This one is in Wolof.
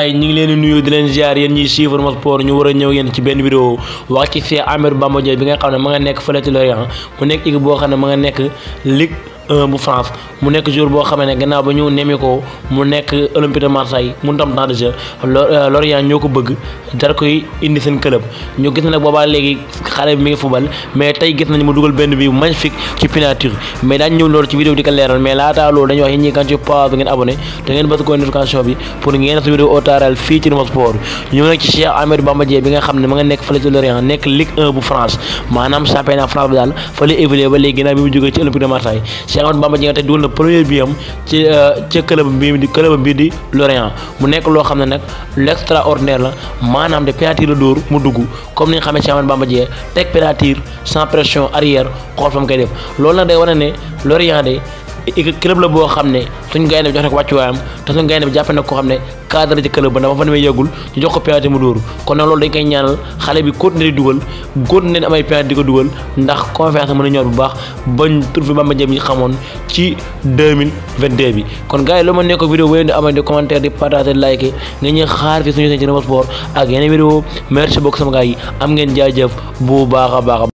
ay ñi ngi leen di nuyu di leen ziar yéen ñiy suivre Mo Sport ñu war ñëw yéen ci benn vidéo wax ci Cheikh Amadou Bamba Dieye bi nga xam ne ma nga nekk fële ci Lorient mu nekk équipe boo xam ne ma nga nekk Ligue 1 bu France mu nekk jour boo xamee ne gannaaw ba ñu nemi mu nekk Olympique de Marseille mu tam temps de jeu euh, Lorient ñoo ko bëgg dara koy indi seen club ñu gis na nag léegi xale bi mu ngeen su vidéo otaaral fii ci Rmo Sport ñu ngi ci Cheikh Ahmed Bamba Dieng bi nga xam ne ma nga nekk fële ci Lorient nekk Ligue bu France maanaam championnat France bi daal fa la ba léegi gannaaw bi mu jógee ci Olympique de Marseille Cheikh Ahmadou Bamba Dieng tey dugal na premier bi am ci euh, ca club bi di club bi di Lorient mu nekk loo xam ne nag l' extraordinaire la maanaam de pénalty la dóor mu dugg comme ni nga xamee Cheikh Ahmadou Bamba Dieng teg pénalty sans pression arrière xool fa mu def loolu nag day wane ne Lorient de club la boo xam ne suñu gaynde bi jox na ko wàccuwaayam te suñu gaynde bi jàppe ko xam ne cadre ci club ba ndax ba fa demee yëgul ñu jox ko penalty mu dóoru kon nag loolu dañ koy ñaanal xale bi continuer di dugal continuer di amay penalty di ko dugal ndax confiance mën ñor bu baax bañ tur fi Bamba Dieng bi ñu xamoon ci 2022 bi kon gars yi ma nekko vidéo wéy di amee di commentaire di partager di liker nga ñuy xaar fi suñu am ngeen jaajëf bu baax a baax